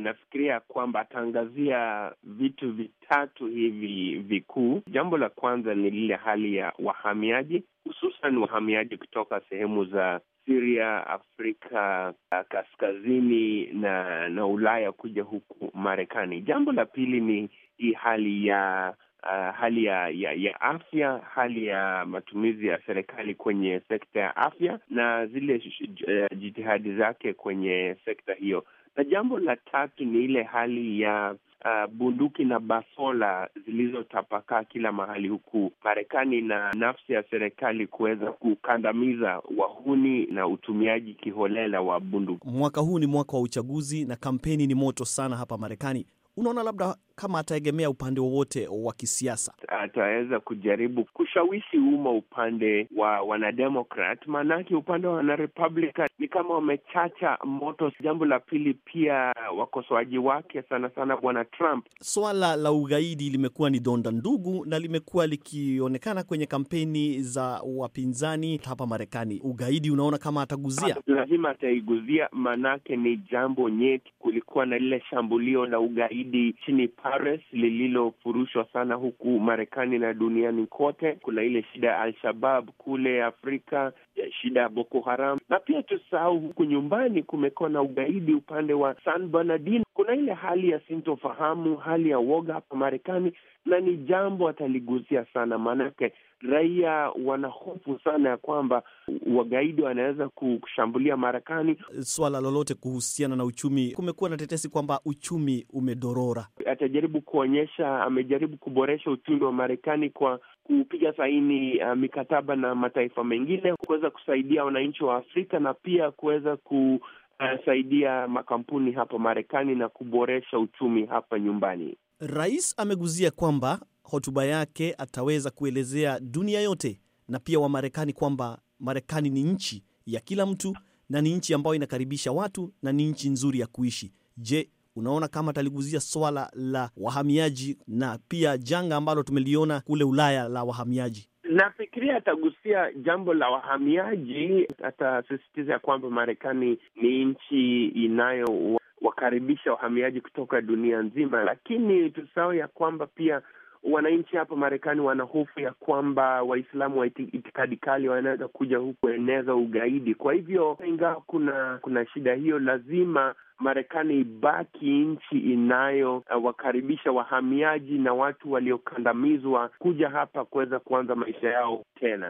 nafikiria kwamba ataangazia vitu vitatu hivi vikuu. Jambo la kwanza ni lile hali ya wahamiaji, hususan wahamiaji kutoka sehemu za Syria, Afrika kaskazini na na Ulaya kuja huku Marekani. Jambo la pili ni hii hali ya Uh, hali ya, ya ya afya, hali ya matumizi ya serikali kwenye sekta ya afya na zile eh, jitihadi zake kwenye sekta hiyo. Na jambo la tatu ni ile hali ya Uh, bunduki na basola zilizotapakaa kila mahali, huku Marekani na nafsi ya serikali kuweza kukandamiza wahuni na utumiaji kiholela wa bunduki. Mwaka huu ni mwaka wa uchaguzi na kampeni ni moto sana hapa Marekani. Unaona, labda kama ataegemea upande wowote wa kisiasa, ataweza kujaribu kushawishi umma upande wa wanademokrat, maanake upande wa wanarepublican ni kama wamechacha moto. Jambo la pili pia, wakosoaji wake sana sana bwana Trump, swala la ugaidi limekuwa ni donda ndugu na limekuwa likionekana kwenye kampeni za wapinzani hapa Marekani. Ugaidi unaona kama ataguzia, ah, lazima ataiguzia, maanake ni jambo nyeti. Kulikuwa na lile shambulio la ugaidi chini pa Hares lililofurushwa sana huku Marekani na duniani kote. Kuna ile shida ya Al-Shabab kule Afrika, shida ya Boko Haram, na pia tusahau, huku nyumbani kumekuwa na ugaidi upande wa San Bernardino kuna ile hali ya sintofahamu, hali ya woga hapa Marekani, na ni jambo ataligusia sana, maanake raia wana hofu sana ya kwamba wagaidi wanaweza kushambulia Marekani. Swala lolote kuhusiana na uchumi, kumekuwa na tetesi kwamba uchumi umedorora. Atajaribu kuonyesha, amejaribu kuboresha uchumi wa Marekani kwa kupiga saini uh, mikataba na mataifa mengine, kuweza kusaidia wananchi wa Afrika na pia kuweza ku anasaidia makampuni hapa Marekani na kuboresha uchumi hapa nyumbani. Rais ameguzia kwamba hotuba yake ataweza kuelezea dunia yote na pia Wamarekani kwamba Marekani ni nchi ya kila mtu na ni nchi ambayo inakaribisha watu na ni nchi nzuri ya kuishi. Je, unaona kama ataliguzia swala la wahamiaji na pia janga ambalo tumeliona kule Ulaya la wahamiaji? Nafikiria atagusia jambo la wahamiaji, atasisitiza ya kwamba Marekani ni nchi inayowakaribisha wahamiaji kutoka dunia nzima, lakini tusahau ya kwamba pia wananchi hapa Marekani wana hofu ya kwamba Waislamu wa itikadi kali wanaweza kuja huku eneza ugaidi. Kwa hivyo ingawa kuna kuna shida hiyo, lazima Marekani ibaki nchi inayowakaribisha uh, wahamiaji na watu waliokandamizwa kuja hapa kuweza kuanza maisha yao tena.